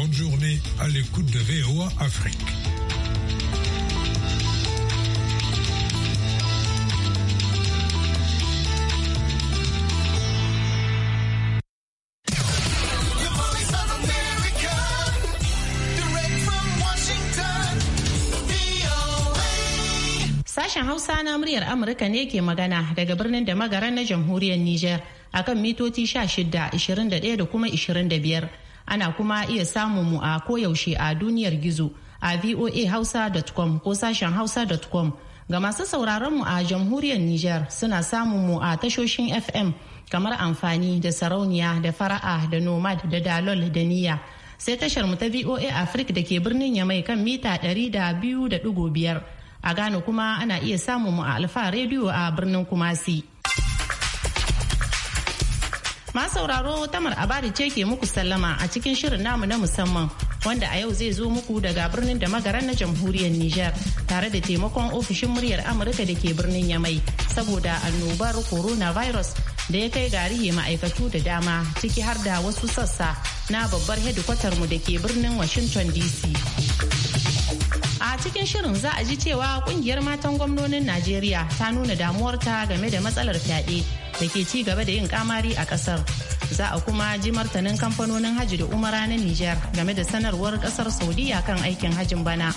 Bonne journée à l'écoute de VOA Afrique. Sashen Hausa na muryar Amurka ne ke magana daga birnin da magaran na jamhuriyar Nijar a kan mitoci 16, 21 da kuma 25. ana kuma iya samun mu a koyaushe a duniyar gizo a voahausa.com ko sashen hausa.com ga masu sauraron mu a jamhuriyar Nijar suna samun mu a tashoshin FM kamar amfani da sarauniya da fara'a da nomad da dalol da niyya sai tashar mu ta VOA Africa da ke birnin Yamai kan mita 200.5 a Ghana kuma ana iya samun mu a Alfa Radio a birnin Kumasi. Ma sauraro tamar abari ce ke muku sallama a cikin shirin namu na musamman wanda a yau zai zo muku daga birnin da magaran na jamhuriyar Nijar tare da taimakon ofishin muryar Amurka da ke birnin Yamai saboda annobar coronavirus da ya kai gariye ma'aikatu da dama ciki har da wasu sassa na babbar hedikwatar mu da ke birnin Washington DC. cikin shirin za a ji cewa kungiyar matan gwamnonin Najeriya ta nuna damuwarta game da matsalar fyaɗe da ke ci gaba da yin kamari a ƙasar. Za a kuma ji martanin kamfanonin hajji da umara na Nijar game da sanarwar ƙasar Saudiya kan aikin hajjin bana.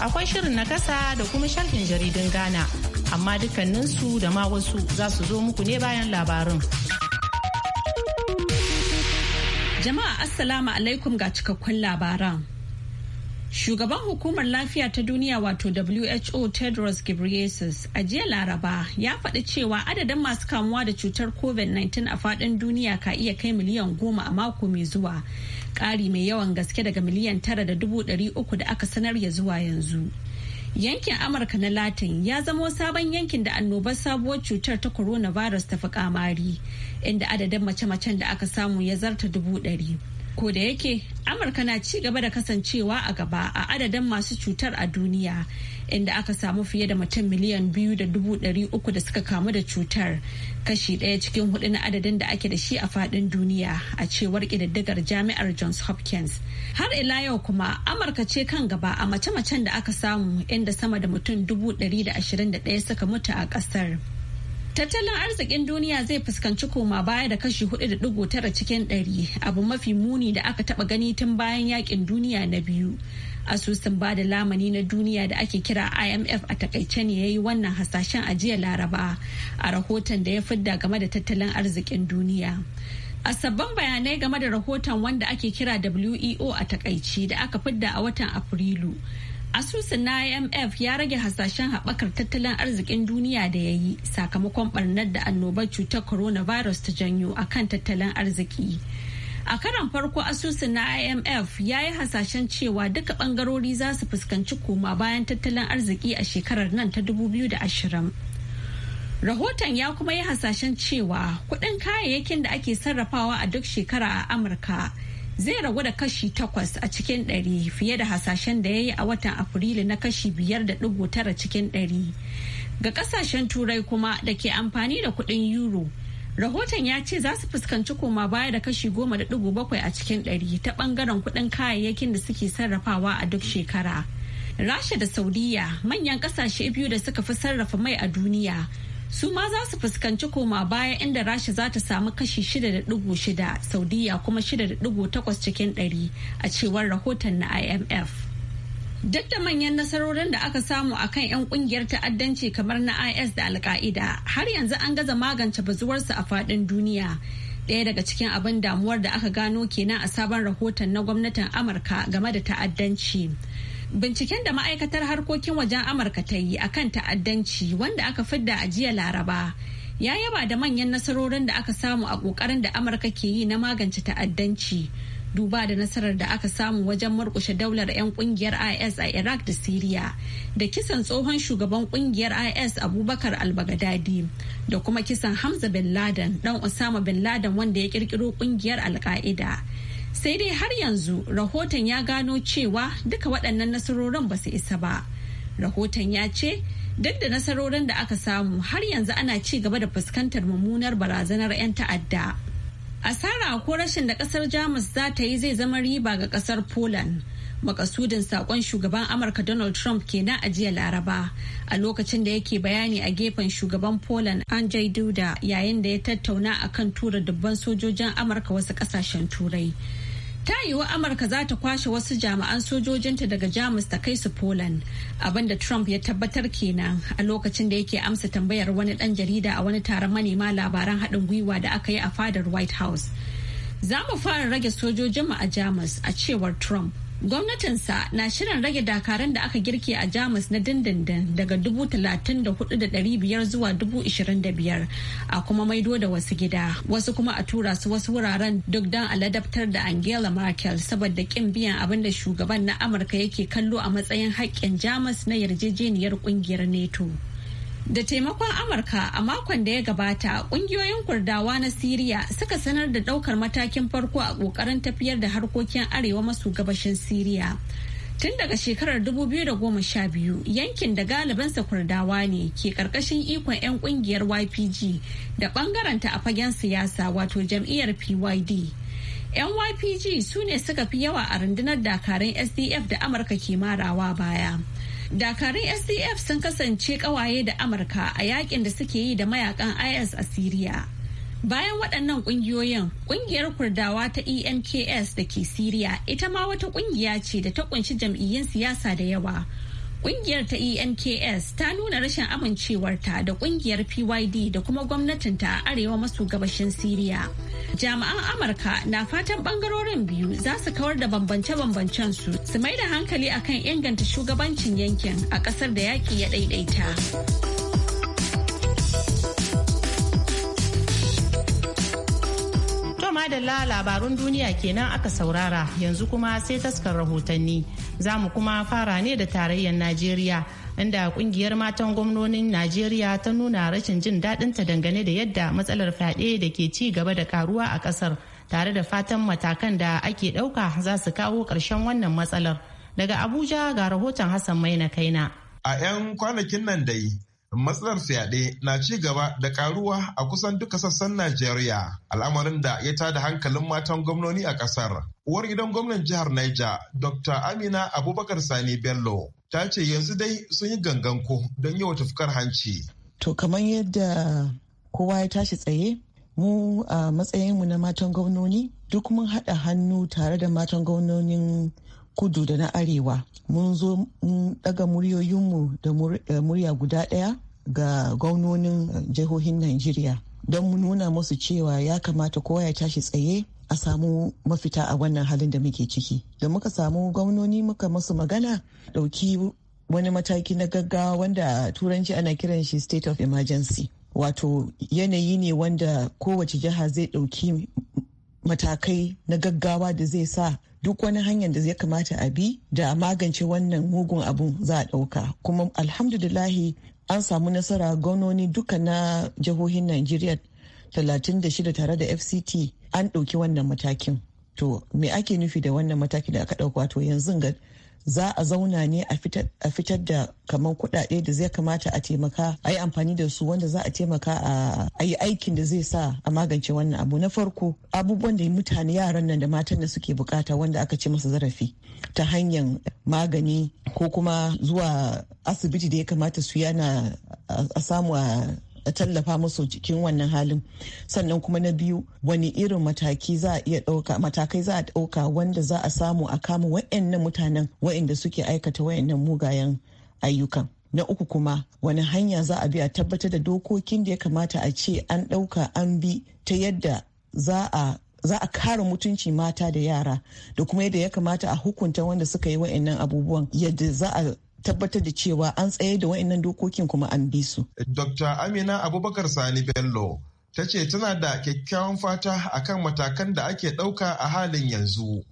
Akwai shirin na kasa da kuma sharhin jaridun Ghana, amma dukkaninsu da ma wasu za su zo muku ne bayan labarin. Jama'a Assalamu alaikum ga cikakkun labaran. Shugaban hukumar lafiya ta duniya wato WHO Tedros Ghebreyesus a jiya Laraba ya faɗi cewa adadin masu kamuwa da cutar COVID-19 a faɗin duniya ka iya kai miliyan goma a mako mai zuwa. Ƙari mai yawan gaske daga miliyan tara da dubu ɗari uku da aka sanar ya zuwa yanzu. Yankin Amurka na Latin ya zamo sabon yankin da annobar sabuwar cutar ta coronavirus ta fi kamari, inda adadin mace-macen da aka samu ya zarta dubu ɗari. Ko da yake Amurka na ci gaba da kasancewa a gaba a adadin masu cutar a duniya inda aka samu fiye da mutum miliyan biyu da dubu ɗari uku da suka kamu da cutar kashi ɗaya cikin hudu na adadin da ake da shi a fadin duniya a cewar ƙididdigar jami'ar Johns Hopkins. Har ila yau kuma Amurka ce kan gaba a mace-macen da aka samu inda sama da mutum dubu ɗari da ashirin da ɗaya suka mutu a ƙasar. Tattalin arzikin duniya zai fuskanci koma baya da kashi 4.9 cikin 100 abu mafi muni da aka taba gani tun bayan yakin duniya na biyu. Asusun ba da lamani na duniya da ake kira IMF a takaice ne ya yi wannan hasashen ajiyar laraba a rahoton da ya fidda game da tattalin arzikin duniya. A sabbin bayanai game da rahoton wanda ake kira WEO a takaici da aka fidda a watan Afrilu. Asusun na IMF ya rage hasashen haɓakar tattalin arzikin duniya da ya yi sakamakon ɓarnar da annobar cutar coronavirus ta janyo a kan tattalin arziki. A karan farko asusun na IMF ya yi hasashen cewa duka ɓangarori za su fuskanci koma bayan tattalin arziki a shekarar nan ta 2020. Rahoton ya kuma yi hasashen cewa kuɗin kayayyakin da ake sarrafawa a duk shekara a Amurka. zai ragu da kashi takwas a cikin ɗari fiye da hasashen da ya yi a watan afrilu na kashi biyar da ɗigo tara cikin ɗari ga kasashen turai kuma da ke amfani da kuɗin euro rahoton ya ce za su fuskanci koma baya da kashi goma da ɗigo bakwai a cikin ɗari ta ɓangaren kuɗin kayayyakin da suke sarrafawa a duk shekara rasha da saudiya manyan kasashe biyu da suka fi sarrafa mai a duniya su ma za su fuskanci koma baya inda rasha za ta samu kashi 6.6 saudiya kuma 6.8 cikin 100 a cewar rahoton na imf duk da manyan nasarorin da aka samu a kan 'yan kungiyar ta'addanci kamar na is da alka'ida har yanzu an gaza magance bazuwarsu a fadin duniya ɗaya daga cikin abin damuwar da aka gano kenan a sabon rahoton na gwamnatin amurka game da ta'addanci. Binciken da ma'aikatar harkokin wajen Amurka ta yi akan ta'addanci wanda aka fidda a jiya Laraba ya yaba da manyan nasarorin da aka samu a kokarin da Amurka ke yi na magance ta'addanci. Duba da nasarar da aka samu wajen murkushe daular 'yan ƙungiyar IS a Iraq da Syria da kisan tsohon shugaban ƙungiyar IS Abubakar al-Baghdadi da kuma kisan Hamza bin Laden ɗan Osama bin Laden wanda ya kirkiro ƙungiyar al -Qaeda. sai dai har yanzu rahoton ya gano cewa duka waɗannan nasarorin ba su isa ba rahoton ya ce duk da nasarorin da aka samu har yanzu ana ci gaba da fuskantar mummunar barazanar 'yan ta'adda asara ko rashin da kasar jamus za ta yi zai zama riba ga kasar poland makasudin saƙon shugaban amurka donald trump kenan a jiya laraba a lokacin da yake bayani a gefen shugaban poland andrzej duda yayin da ya tattauna akan tura dubban sojojin amurka wasu kasashen turai ta yiwu amurka za ta kwashe wasu jami'an sojojinta daga jamus ta kai su poland abinda trump ya tabbatar kenan a lokacin da yake amsa tambayar wani dan jarida a wani taron manema labaran haɗin gwiwa da aka yi a fadar white house za mu fara rage sojojinmu a jamus a cewar trump Gwamnatinsa na shirin rage dakaran da aka girke a Jamus na dindindin daga dubu talatin da biyar zuwa biyar a kuma maido da wasu gida. Wasu kuma a tura su wasu wuraren duk don aladabtar da Angela Merkel saboda kin biyan abin da shugaban na Amurka yake kallo a matsayin haƙƙin Jamus na yarjejeniyar ƙungiyar NATO. Da taimakon Amurka a makon da ya gabata, ƙungiyoyin Kurdawa na Siriya suka sanar da ɗaukar matakin farko a ƙoƙarin tafiyar da harkokin arewa maso gabashin Siriya. Tun daga shekarar 2012 yankin da galibinsa Kurdawa ne ke ƙarƙashin ikon 'yan ƙungiyar YPG da bangaranta a fagen siyasa wato jam'iyyar PYD. NYPG su ne suka fi yawa a rundunar dakarun SDF da Amurka ke marawa baya. dakarun sdf sun kasance kawaye da amurka a yakin da suke yi da mayakan is a Syria bayan waɗannan ƙungiyoyin ƙungiyar kurdawa ta ENKs da ke Syria ita ma wata ƙungiya ce da ta ƙunshi jam'iyyun siyasa da yawa Kungiyar ta ENKS ta nuna rashin amincewarta da kungiyar PYD da kuma gwamnatinta a arewa maso gabashin Siriya. Jami'an Amurka na fatan bangarorin biyu za su kawar da bambance-bambancen su su mai da hankali akan inganta shugabancin yankin a kasar da yaki ya ɗaiɗaita. madalla labarun duniya kenan aka saurara yanzu kuma sai taskar rahotanni za mu kuma fara ne da tarayyar najeriya inda kungiyar matan gwamnonin najeriya ta nuna rashin jin daɗinta dangane da yadda matsalar fyaɗe da ke ci gaba da karuwa a ƙasar tare da fatan matakan da ake ɗauka za su kawo ƙarshen wannan matsalar daga abuja ga rahoton hassan mai na kaina a 'yan kwanakin nan dai matsalar fyaɗe na ci gaba da karuwa a kusan duka sassan Najeriya, al'amarin da ya tada hankalin matan gwamnoni a ƙasar. Uwar gidan gwamnan jihar Niger, Dr. Amina Abubakar Sani Bello, ta ce yanzu dai sun yi ganganko don yi wata fukar hanci. To kamar yadda kowa ya tashi tsaye, mu a matsayinmu na matan gwamnoni duk mun haɗa hannu tare da matan gwamnonin kudu da na arewa mun zo mun daga muryoyinmu da eh, murya guda daya ga gwamnonin eh, jihohin Najeriya don mu nuna musu cewa ya kamata kowa ya tashi tsaye a samu mafita a wannan halin da muke ciki. Da muka samu gwamnoni muka masu magana dauki wani mataki na gaggawa wanda turanci ana kiran shi state of emergency. Wato yanayi ne wanda kowace jiha zai dauki matakai na gaggawa da zai sa duk wani hanyar da zai kamata a bi da magance wannan mugun abun za a ɗauka kuma alhamdulillahi an samu nasara gwamnoni duka na jihohin najeriya 36 tare da fct an ɗauki wannan matakin to me ake nufi da wannan matakin da aka ɗauka to yanzu ga za a zauna ne a fitar da kamar kuɗaɗe da zai kamata a taimaka a yi amfani da su wanda za a taimaka a yi aikin da zai sa a magance wannan abu na farko abubuwan da mutane yaran nan da matan da suke bukata wanda aka ce masa zarafi ta hanyar magani ko kuma zuwa asibiti da ya kamata su yana a samu a tallafa musu cikin wannan halin sannan kuma na biyu wani irin mataki za a iya dauka matakai za a ɗauka wanda za a samu a kama wa'annan mutanen wa'anda suke aikata wa'annan mugayen ayyukan na uku kuma wani hanya za a bi a tabbatar da dokokin da ya kamata a ce an ɗauka an bi ta yadda za a za a kare mutunci mata da yara da kuma yadda ya kamata a hukunta wanda suka yi wa'annan abubuwan yadda za a tabbatar da cewa an tsaye da wa'annan dokokin kuma an bi su. Dr. Amina Abubakar Sani Bello ta ce tana da kyakkyawan fata akan matakan da ake ɗauka a halin yanzu.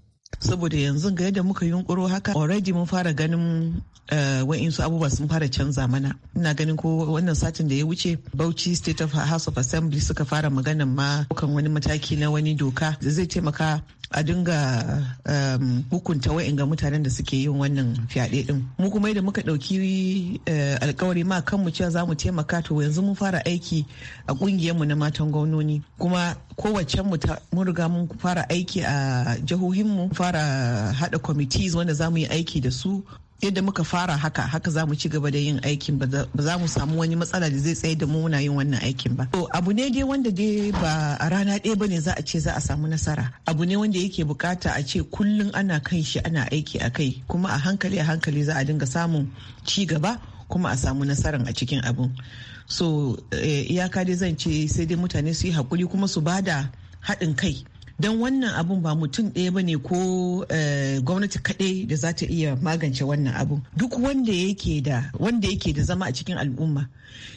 saboda yanzu ga yadda muka yunkuro haka already mun fara ganin eh, wa'insu abubuwa sun fara canza mana ina ganin ko wannan satin da ya wuce bauchi state of house of assembly suka fara maganan ma kan wani mataki na wani doka da zai taimaka a dinga um, hukunta wa'in ga mutanen da suke yin wannan fyaɗe ɗin. mu kuma da muka ɗauki eh, alkawari ma kanmu cewa za mu taimaka to yanzu mun fara aiki a ƙungiyarmu na matan gwamnoni kuma kowace mu mun riga mun fara aiki a jihohinmu fara haɗa committees wanda za mu yi aiki da su yadda muka fara haka haka za mu ci gaba da yin aikin ba za mu samu wani matsala da zai tsaye da mu muna yin wannan aikin ba to abu ne dai wanda dai ba a rana ɗaya bane za a ce za a samu nasara abu ne wanda yake bukata a ce kullum ana kan shi ana aiki a kai kuma a hankali a hankali za a dinga samun ci gaba kuma a samu nasarar a cikin abun so eh, iyaka dai zan ce sai dai mutane su yi hakuri kuma su bada haɗin kai don wannan abun ba mutum ɗaya ba ne ko eh, gwamnati kaɗai da za ta iya magance wannan abun duk wanda yake da wanda yake da zama a cikin al'umma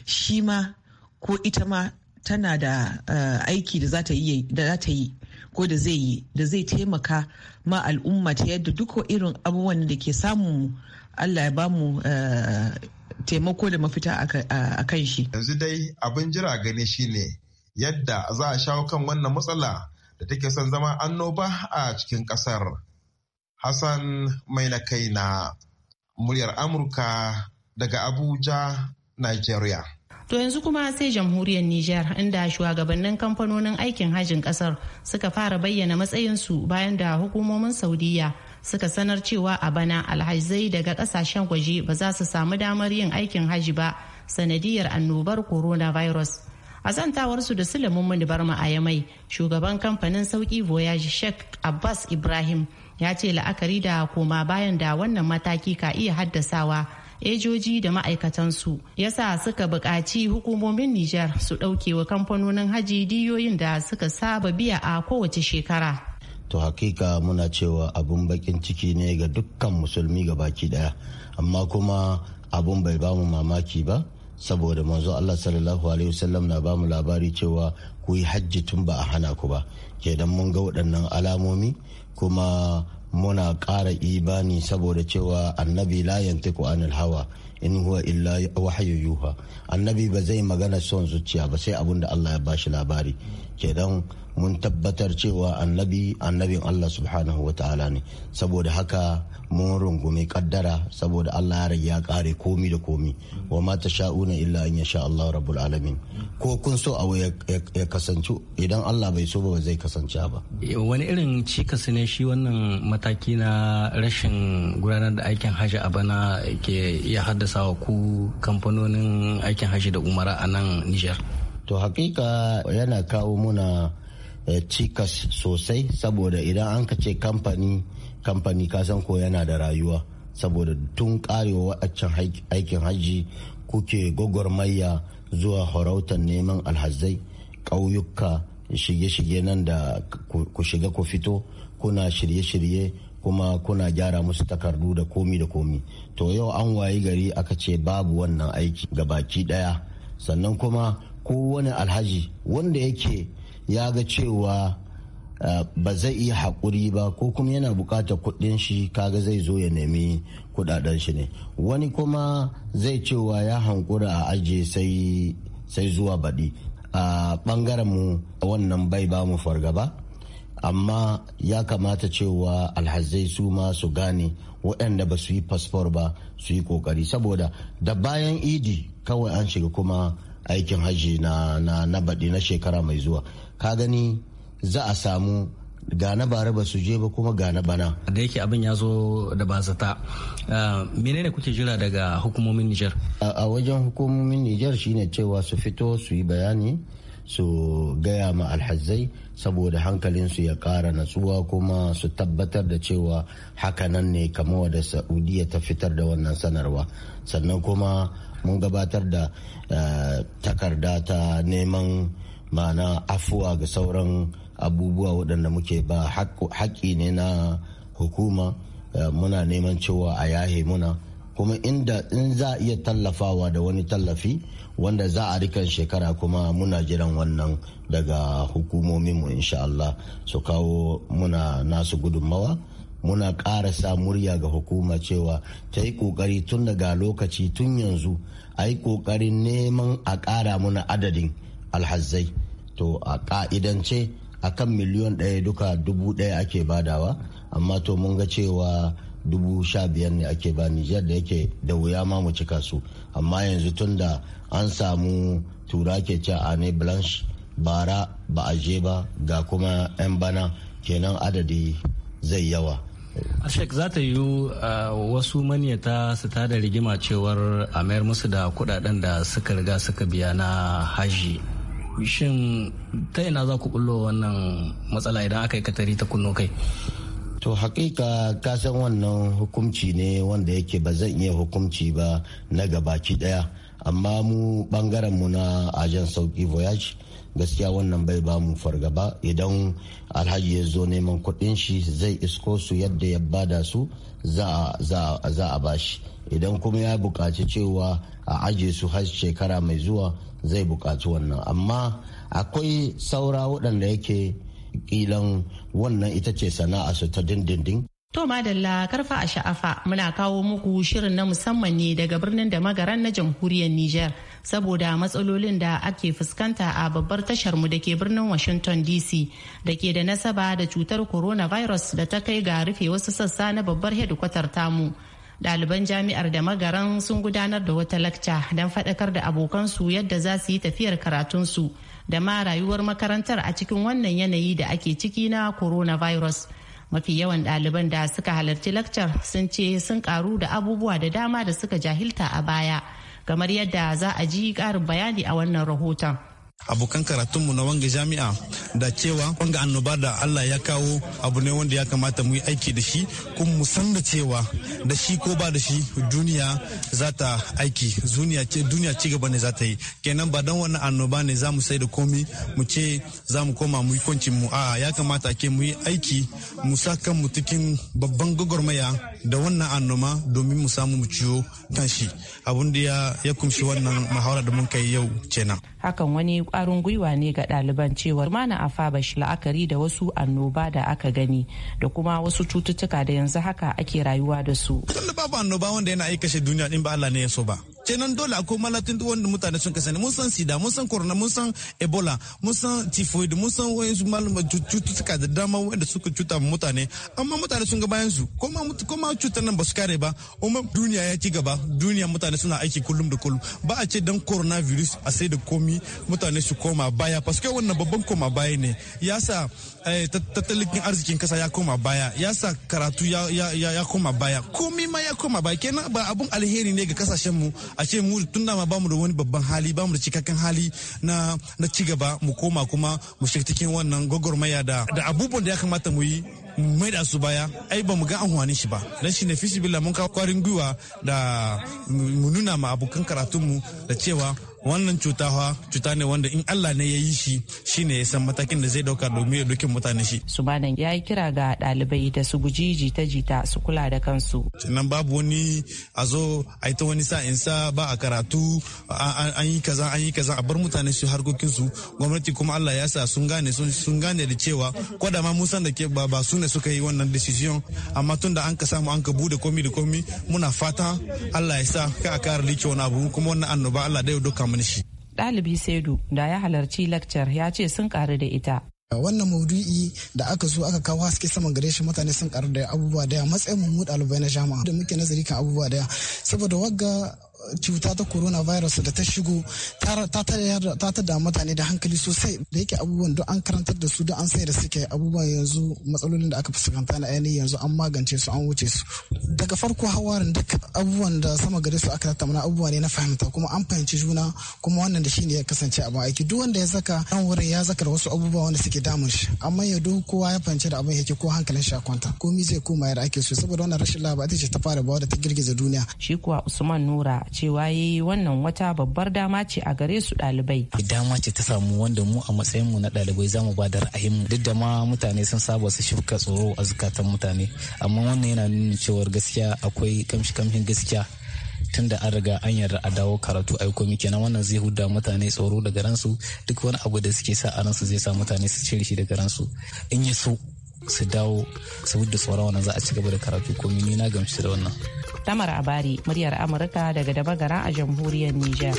shi ma ko ita ma tana da eh, aiki da za ta yi ko da zai yi da zai taimaka ma al'umma ta yadda duk irin abubuwan da ke samu allah ya bamu eh, taimako da mafita a kan shi yanzu dai abin jira gani shine yadda za a shawo kan wannan matsala da take son zama annoba a cikin ƙasar. Hassan mai na kai na muryar Amurka daga Abuja, Nigeria. To yanzu kuma sai jamhuriyar Nijar inda shugabannin kamfanonin aikin hajin kasar suka fara bayyana matsayinsu bayan da hukumomin Saudiya suka sanar cewa a bana alhazai daga kasashen waje ba za su samu damar yin aikin haji ba sanadiyar annobar coronavirus. a zantawarsu da silimin bar mu a yamai shugaban kamfanin sauki voyage sheikh abbas ibrahim ya ce la'akari da koma bayan da wannan mataki ka iya haddasawa ejoji da ma'aikatansu yasa suka bukaci hukumomin nijar su wa kamfanonin haji diyoyin da suka saba biya a kowace shekara to hakika muna cewa abun bakin ciki ne ga dukkan musulmi ga baki daya amma kuma abun bai bamu mamaki ba saboda manzo Allah sallallahu alaihi wasallam na bamu labari cewa ku yi hajji tun ba a hana ku ba kenan mun ga waɗannan alamomi kuma muna ƙara ibani saboda cewa annabi la yantiku anil hawa in huwa illa wahayu yuha annabi ba zai magana son zuciya ba sai abin da Allah ya bashi labari kenan mun tabbatar cewa annabi annabin Allah subhanahu wa ta'ala ne saboda haka mun rungume kaddara saboda Allah ya rage ya kare komi da komi wa ma ta sha'una illa in sha Allah rabbul alamin ko kun so a ya kasance idan Allah bai so ba zai kasance ba eh, wani irin cikas ne shi wannan mataki na rashin gudanar da aikin haji a bana ke iya haddasa wa ku kamfanonin aikin haji da umara a nan Nijar to hakika yana kawo muna Eh, cikas sosai saboda idan an ka ce kamfani kamfani kasan ko yana da rayuwa saboda tun karewa waɗancan aikin hajji kuke gwagwarmaya zuwa harautar neman alhazai ƙauyuka shige-shige nan da ku shiga ku fito kuna shirye-shirye kuma kuna gyara musu takardu da komi da komi to yau an wayi gari aka ce babu wannan aiki ga baki daya sannan kuma kowane alhaji wanda yake ya ga cewa uh, ba zai iya haƙuri ba ko kuma yana buƙatar kuɗin shi kaga zai zo ya nemi kuɗaɗen shi ne wani kuma zai cewa ya hankura a ajiye sai zuwa baɗi a ɓangaren mu wannan bai ba mu fargaba amma ya kamata cewa alhazai su ma su gane waɗanda ba su yi fasfor ba su yi ƙoƙari saboda da bayan idi kawai an shiga kuma aikin hajji na na baɗi na shekara mai zuwa ka gani za a samu ga na bara ba su je ba kuma ga na bana da yake abin ya zo da zata ah, menene kuke jira daga hukumomin Nijar a wajen hukumomin Nijar shine cewa su fito su yi bayani su gaya ma alhazai saboda hankalinsu ya kara natsuwa kuma su tabbatar da cewa hakanan ne kamar da saudiya ta fitar da wannan sanarwa sannan kuma mun gabatar da eh, takarda ta neman mana afuwa ga sauran abubuwa waɗanda muke ba haƙƙi ne na hukuma eh, muna neman cewa a yahe muna kuma inda in za a iya tallafawa da wani tallafi wanda za a rikan shekara kuma muna jiran wannan daga hukumominmu insha Allah su kawo muna nasu gudunmawa muna ƙara sa murya ga hukuma cewa ta yi ƙoƙari tun daga lokaci tun yanzu a yi ƙoƙarin neman a ƙara muna adadin alhazai to a ƙa'idance a kan miliyon ɗaya duka dubu ɗaya ake badawa amma to mun ga cewa dubu sha biyar ne ake ba Nijar da yake da wuya ma mu cika su amma yanzu tun da an samu tura ke ce a ne blanche bara ba a je ba ga kuma 'yan bana kenan adadi zai yawa ashek za ta yi wasu manyata su da rigima cewar a mayar musu da kudaden da suka riga suka biya na haji shin ta ina za ku bullo wannan matsala idan aka yi katari ta kunno kai to hakika san wannan hukumci ne wanda yake ba zan iya hukumci ba na gabaki daya amma mu bangaren mu na ajan sauki voyage gaskiya wannan bai ba mu fargaba idan alhaji ya zo neman kudin shi zai isko su yadda ya bada su za a bashi idan kuma ya buƙaci cewa a aje su har shekara mai zuwa zai buƙaci wannan amma akwai saura waɗanda yake kilan wannan ita ce sana'a su ta dindindin To Madalla karfa a sha'afa muna kawo muku shirin na musamman ne daga birnin da magaran na jamhuriyar Nijar saboda matsalolin da ake fuskanta a babbar tashar mu da ke birnin Washington DC da ke da nasaba da cutar coronavirus da ta kai ga rufe wasu sassa na babbar hedikwatar tamu. Ɗaliban jami'ar da magaran sun gudanar da wata lacca don faɗakar da abokansu yadda za su yi tafiyar karatunsu. su. da ma rayuwar makarantar a cikin wannan yanayi da ake ciki na coronavirus. mafi yawan ɗaliban da suka halarci lakcar sun ce sun karu da abubuwa da dama da suka jahilta a baya kamar yadda za a ji ƙarin bayani a wannan rahoton. abokan karatunmu na wanga jami'a da cewa wanga annoba da Allah ya kawo abu ne wanda ya kamata mu yi aiki da shi kuma mu san da cewa da shi ko ba da shi duniya za ta aiki duniya ci gaba ne za ta yi kenan ba dan wannan annoba ne za mu sai da komi mu ce za mu koma mu yi kwancin mu a ya kamata ke mu yi aiki mu sa kan mu cikin babban gwagwarmaya da wannan annoma domin mu samu mu ciyo kan shi abun da ya kumshi wannan muhawara da mun kai yau kenan hakan wani ƙwarin gwiwa ne ga ɗaliban cewa mana a shi la'akari da wasu annoba da aka gani da kuma wasu cututtuka da yanzu haka ake rayuwa da su. da babu annoba wanda yana aika shi duniya in ba Allah ne ya so ba. kenan dole akwai malatin duk wanda mutane sun kasance mun san sida mun san corona mun san ebola mun san typhoid mun san wayansu cututtuka da dama wanda suka cuta mutane amma mutane sun ga bayan su koma cutar nan ba su kare ba kuma duniya ya ci gaba duniya mutane suna aiki kullum da kullum ba a ce dan coronavirus a sai da komi mutane su koma baya paske wannan babban koma baya ne yasa Eh, tattalin arzikin kasa ya koma baya ya sa karatu ya koma baya komi ma ya koma baya kenan ba abun alheri ne ga kasashen mu a ce mu tun da ma bamu da wani babban hali bamu da cikakken hali na na ci gaba mu koma kuma mu shiga cikin wannan gwagwarmaya da da abubuwan da ya kamata mu yi mai da su baya ai ba mu ga amfanin shi ba dan shi ne fisibilla mun ka kwarin gwiwa da mu nuna ma abokan karatunmu da cewa wannan cuta fa cuta ne wanda in Allah ne ya yi shi shine ya san matakin da zai dauka domin ya dokin mutane shi subanan ya yi kira ga dalibai da su guji jita jita su kula da kansu sannan babu wani a zo a yi ta wani sa in sa ba a karatu an yi kaza an yi kaza a bar mutane su harkokin su gwamnati kuma Allah ya sa sun gane sun gane da cewa ko da ma mun da ke ba su ne suka yi wannan decision amma tunda da an ka samu an ka bude komi da komi muna fata Allah ya sa ka a kare liki wani abu kuma wannan annoba Allah da ya doka mulki. saidu da ya halarci lakcar ya ce sun karu da ita wannan maudu'i da aka zo aka kawo haske saman gare shi mutane sun karu da abubuwa daya matsayin mu ɗalibai na jama'a da muke nazari kan abubuwa daya saboda wagga cuta ta coronavirus da ta shigo ta ta da mutane da hankali sosai da yake abubuwan duk an karantar da su duk an sai da suke abubuwan yanzu matsalolin da aka fuskanta na ainihin yanzu an magance su an wuce su daga farko hawarin duk abubuwan da sama gare su aka tattauna abubuwa ne na fahimta kuma an fahimci juna kuma wannan da shi ne ya kasance a aiki duk wanda ya saka nan wurin ya zaka da wasu abubuwa wanda suke damun shi amma ya duk kowa ya fahimci da abin yake ko hankalin shi a kwanta komi zai koma yadda ake so saboda wannan rashin laba ita ce ta fara bawa da ta girgiza duniya shi kuwa usman nura cewa ya yi wannan wata babbar dama ce a gare su ɗalibai. dama ce ta samu wanda mu a matsayin mu na ɗalibai za mu ba da ra'ayin duk da ma mutane sun saba su shifka tsoro a zukatan mutane amma wannan yana nuna cewar gaskiya akwai kamshi kamshin gaskiya tun da an riga an yarda a dawo karatu a komi kenan wannan zai huda mutane tsoro daga ransu duk wani abu da suke sa a ransu zai sa mutane su cire shi daga ransu in ya so su dawo saboda tsoron wannan za a ci gaba da karatu komi ni na gamshi da wannan Tamar Abari, muryar Amurka daga Dabagara a jamhuriyar Nijar.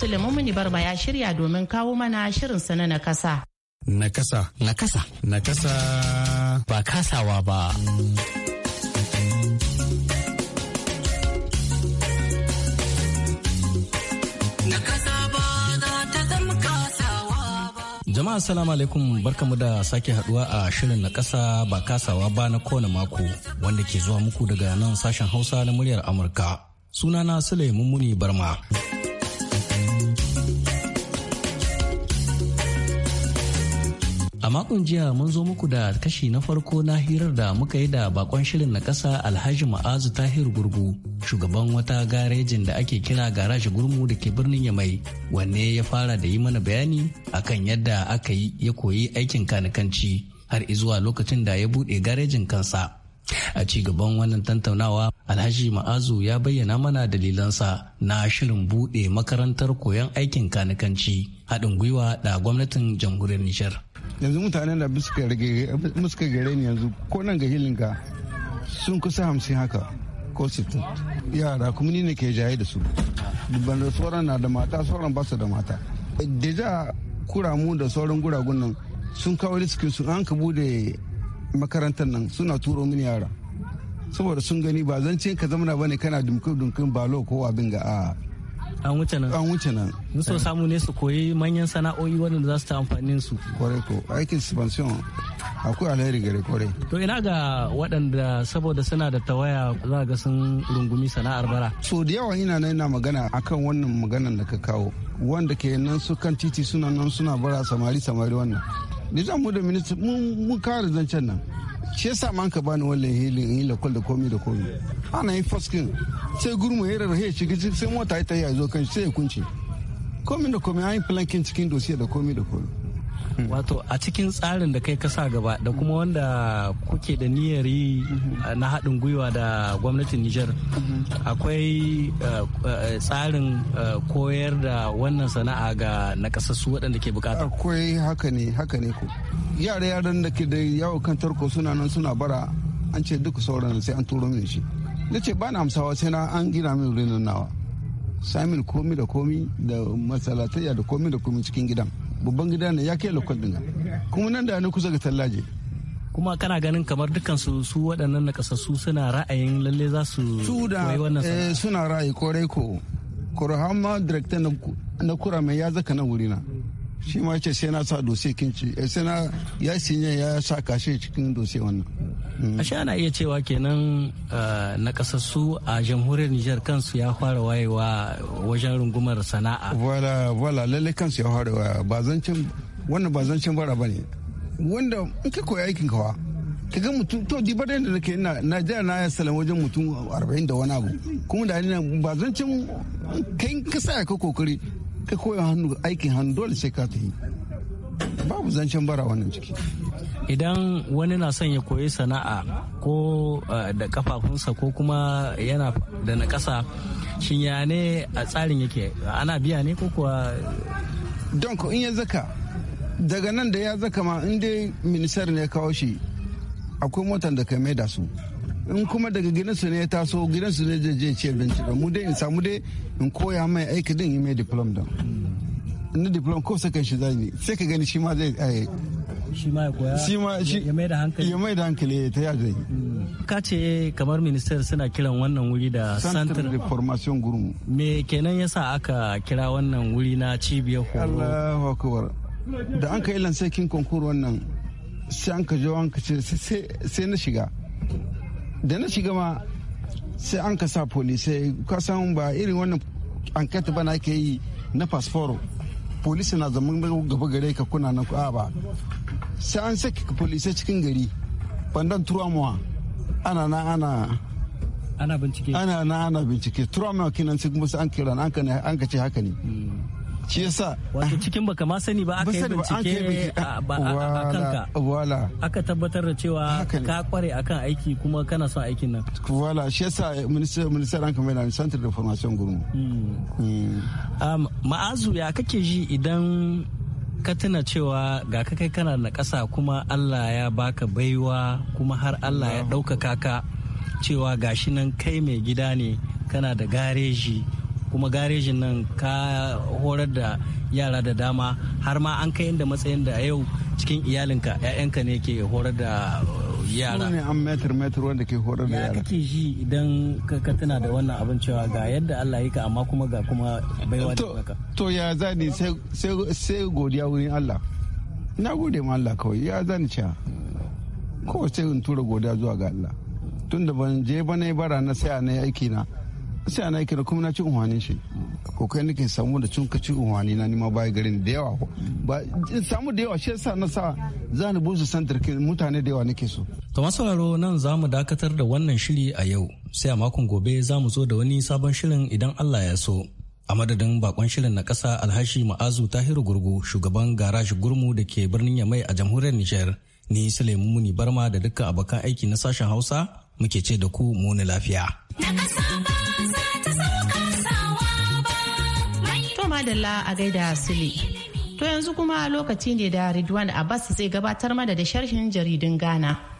Suleiman Muni Barba ya shirya domin kawo mana shirinsa na nakasa. Nakasa. Nakasa. Nakasa. Ba kasawa ba. Jama'a assalamu alaikum barkamu da sake haduwa a shirin na kasa ba kasawa ba na kowane mako wanda ke zuwa muku daga nan sashen hausa na muryar Amurka. Sunana Suleiman Muni Barma. A makon jiya mun zo muku da kashi na farko na hirar da muka yi da bakon shirin na ƙasa Alhaji Ma'azu Tahir Gurgu, shugaban wata garejin da ake kira garaji gurmu da ke birnin ya mai, wanne ya fara da yi mana bayani akan yadda aka yi ya koyi aikin kanikanci har izuwa lokacin da ya buɗe garejin kansa. A ci gaban wannan tantaunawa Alhaji Ma'azu ya bayyana mana dalilansa na shirin buɗe makarantar koyon aikin kanikanci haɗin gwiwa da gwamnatin jamhuriyar Nijar. yanzu mutanen da suka gare ni yanzu ko nan ga hilinka sun kusa hamsin haka ko sittin yara kuma ni ne ke jaye da su dubban da sauran na da mata sauran ba su da mata deja kura mu da sauran guragun nan sun kawo riskin su an ka bude makarantar nan suna turo mini yara saboda sun gani ba zan ce ka zamana bane kana dunkin dunkin balo ko abin ga a an wuce nan an wuce nan mun so eh. samu ne su koyi manyan sana'o'i wadanda za su ta amfani su kwarai ko aikin subvention akwai alheri gare kwarai to ina ga waɗanda saboda suna da tawaya za ga sun rungumi sana'ar bara so da yawa ina nan ina magana akan wannan maganan da ka kawo wanda ke nan su kan titi suna nan suna bara samari samari wannan zan mu da minista mun kare zancen nan shi yasa man ka bani wannan hilin yi lakwal da komi da komi ana yi foskin sai gurmu ya rarrahe shi shiga sai mota ya tayi a zo kan sai ya kunce komi da komi an yi filankin cikin dosiya da komi da komi Mm-hmm. wato a cikin tsarin da kai ka sa gaba da kuma mm-hmm. wanda kuke da niyyar yi mm-hmm. uh, na haɗin gwiwa da gwamnatin Nijar akwai uh, uh, tsarin koyar da wannan sana'a ga nakasassu waɗanda ke bukata. Akwai haka ne haka ne ku. Yare yaran da ke da yawo kan tarko suna nan suna bara an ce duk sauran sai an turo min shi. Na ce ba na amsawa sai na an gina min renon nawa. Samin komi da komi da masalatayya da komi da komi cikin gidan. babban gida ne ya kai lokal dinga kuma nan da ni kusa ga tallaje kuma kana ganin kamar dukkan su su waɗannan nakasassu suna ra'ayin lalle za su su da eh, suna ra'ayi kore ko koro ma direkta na kura mai ya zaka nan wurina shi ma ce sai na sa dosi kinci eh, sai na ya sinya ya sa kashe cikin dosi wannan Mm-hmm. a sha ana iya cewa kenan uh, na kasassu a jamhuriyar nijar kansu ya fara wayewa wajen rungumar sana'a wala wala lalle kansu ya fara wayewa ba zancen wannan ba zancen bara bane wanda in ka koyi aikin kawa ka ga mutum to di bada da nake na na ja na salam wajen mutum 40 da wani abu kuma da ina ba zancen kai ka sa ka kokari ka koyi hannu aikin hannu dole sai ka ta yi babu zancen bara wannan ciki idan wani na son ya koyi sana'a ko eh, da kafafunsa ko kuma yana da na ƙasa shin ya ne a tsarin yake ana biya ne ko kuwa don ko in ya zaka daga nan da ya zaka ma inda minisar ne kawo shi akwai motar da ka da su in kuma daga gidansu ne ya taso gidansu ne zai je ci mu dai in samu dai in koya mai aiki din yi mai diplom don na diploma ko sakan shi ne sai ka gani shi ma zai shi ma ya koya shi ma ya mai da hankali ya mai da hankali ta ya zai mm. ka ce eh, kamar minister suna kiran wannan wuri da center de formation group me kenan yasa aka kira wannan wuri na cibiyar horo Allahu akbar da an ka ilan sai kin konkur wannan sai an ka jo an ka ce sai na shiga da na shiga ma sai an ka sa polisai ka san ba irin wannan an kata bana ke yi na passport polisi na zaman gaba gare ka kuna nan a ba sai an saki polisai cikin gari bandan turamuwa ana na ana ana bincike ana na ana bincike turamuwa kinan sai kuma sai an kira an ka ce haka ne hmm. shi yasa wato cikin baka ma sani ba aka yi bincike a kanka wala aka tabbatar da cewa ka kware akan aiki kuma kana son aikin nan wala shi yasa minister ranka mai na center da formation gurmu hmm. hmm. um, ma'azu ya kake ji idan ka tuna cewa ga ka kai kana na ƙasa kuma Allah ya baka baiwa kuma har Allah ya ɗaukaka ka cewa gashi nan kai mai gida ne kana da gareji kuma garejin nan ka horar da yara da dama har ma an kai inda matsayin da yau cikin iyalinka 'ya'yanka ne ke horar da yara ne an metar metar wanda ke horar da yara kake ji idan ka tuna da wannan abin cewa ga yadda Allah yi ka amma kuma ga kuma baiwa da baka to ya zani sai godiya wurin Allah na gode ma Allah kawai ya zani cewa Ko sai in tura godiya zuwa ga Allah tun da ban je ba na bara na sai na aiki na sai ana kira kuma na ci unhwani shi ko kai nake samu da cin kaci unhwani na nima bayi garin da yawa ba samu da yawa shi yasa na sa za ni san santar mutane da yawa nake so to masauraro nan za mu dakatar da wannan shiri a yau sai a makon gobe za mu zo da wani sabon shirin idan Allah ya so a madadin bakon shirin na kasa alhashi ma'azu tahiru gurgu shugaban garaji gurmu da ke birnin yamai a jamhuriyar nijar ni sulaimu muni barma da dukkan abokan aiki na sashen hausa muke ce da ku muni lafiya. To madalla a gaida Sule. To yanzu kuma lokaci ne da Ridwan Abbas zai gabatar mana da sharhin jaridun Ghana.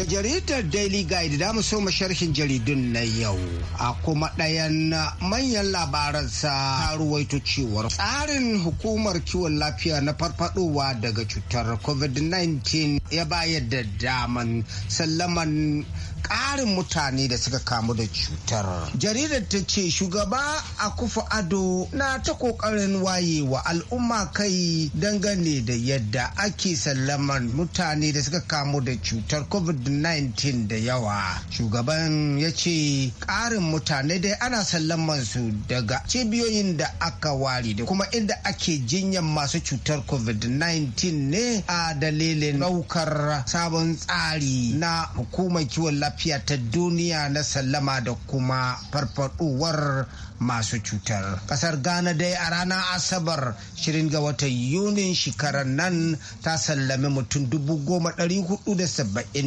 Da jaridar Daily Guide da mu so sharhin jaridun na yau. A kuma ɗayan manyan labaransa ruwaito cewar tsarin hukumar kiwon lafiya na farfadowa daga cutar COVID-19 ya bayar da daman sallaman ƙarin mutane da suka kamu da cutar jaridar ta ce shugaba a kufa ado na ta ƙoƙarin wayewa al'umma kai dangane da yadda ake sallaman mutane da suka kamu da cutar covid-19 da yawa shugaban ya ce ƙarin mutane dai ana sallamar su daga cibiyoyin da aka ware da kuma inda ake jinyar masu cutar covid-19 ne a dalilin ɗaukar sabon tsari na hukumar kiwon lafiya ta duniya na sallama da kuma farfaduwar masu cutar kasar ghana dai a ranar asabar shirin ga watan yunin shekarar nan ta sallami mutum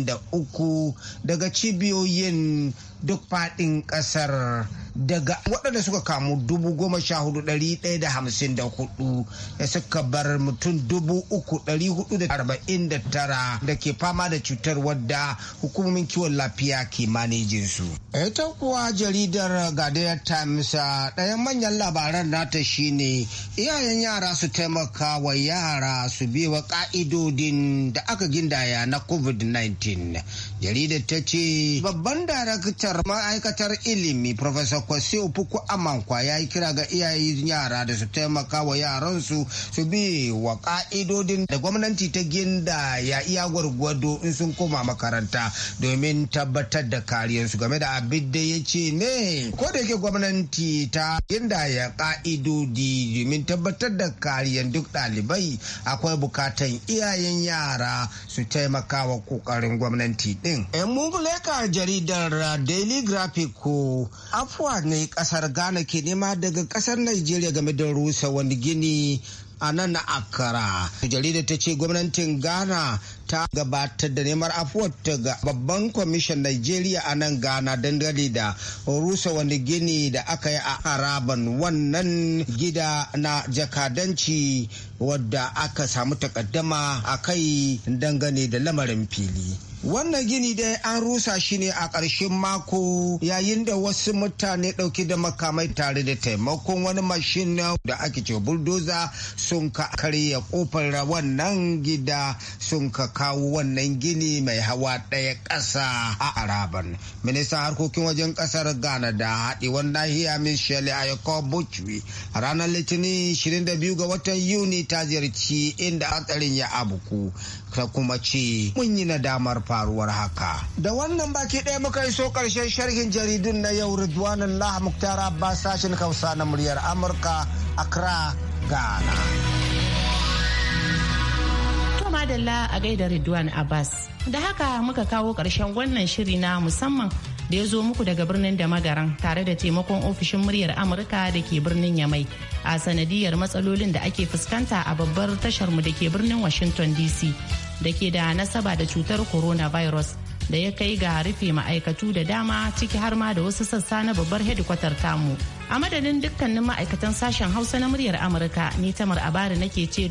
da uku daga cibiyoyin duk faɗin ƙasar daga waɗanda suka kamu dubu goma sha hudu ɗari ɗaya da hamsin da hudu da suka bar mutum dubu uku ɗari hudu da arba'in da tara da ke fama da cutar wadda hukumomin kiwon lafiya ke manejin su. ita kuwa jaridar Ghanaian Times ɗayan manyan labaran nata shine iyayen yara su taimaka wa yara su biwa ka'idodin da aka gindaya na covid-19 jaridar ta ce babban daraktar ma'aikatar ilimi professor kwasi upuku amankwa ya yi kira ga iyayen yara da su taimaka wa yaransu su bi wa ka'idodin da gwamnati ta ginda ya iya gwargwado in sun koma makaranta domin tabbatar da kariyarsu game da abin da ya ce ne ko da yake gwamnati ta ginda ya ka'idodi domin tabbatar da kariyar duk ɗalibai akwai bukatan iyayen yara su taimaka wa kokarin gwamnati din. Mun leka jaridar Daily Graphic ko afuwa yawa ne kasar ghana ke nema daga kasar nigeria game da rusa wani gini a nan na akara jarida ta ce gwamnatin ghana ta gabatar da neman afuwar ta ga babban kwamishin Najeriya a nan Ghana dangane da rusa wani gini da aka yi a haraban wannan gida na jakadanci wadda aka samu takaddama a kai dangane da lamarin fili. Wannan gini dai an rusa shi ne a ƙarshen mako yayin da wasu mutane ɗauki da makamai tare da taimakon wani mashin da ake ce buldoza sun ka karya ƙofar wannan gida sun ka kawo wannan gini mai hawa ɗaya ƙasa a Araban. Ministan harkokin wajen ƙasar Ghana da haɗewar nahiya Michelle Ayako Buchwi a ranar Litinin 22 ga watan Yuni ta ziyarci inda hatsarin ya abuku ta kuma ce mun yi na damar faruwar haka. Da wannan baki ɗaya muka yi so ƙarshen sharhin jaridun na yau Ridwanan Lah Muktar Abbas sashen Hausa na muryar Amurka Accra, Ghana. madalla a gaida Ridwan Abbas. Da haka muka kawo ƙarshen wannan shiri na musamman da ya zo muku daga birnin da magaran tare da taimakon ofishin muryar amurka da ke birnin yamai a sanadiyar matsalolin da ake fuskanta a babbar tasharmu da ke birnin washington dc da ke da nasaba da cutar coronavirus da ya kai ga rufe ma'aikatu da dama ciki har ma da wasu sassa na babbar hedikwatar tamu a madadin dukkanin ma'aikatan sashen hausa na muryar amurka ni tamar abari nake ce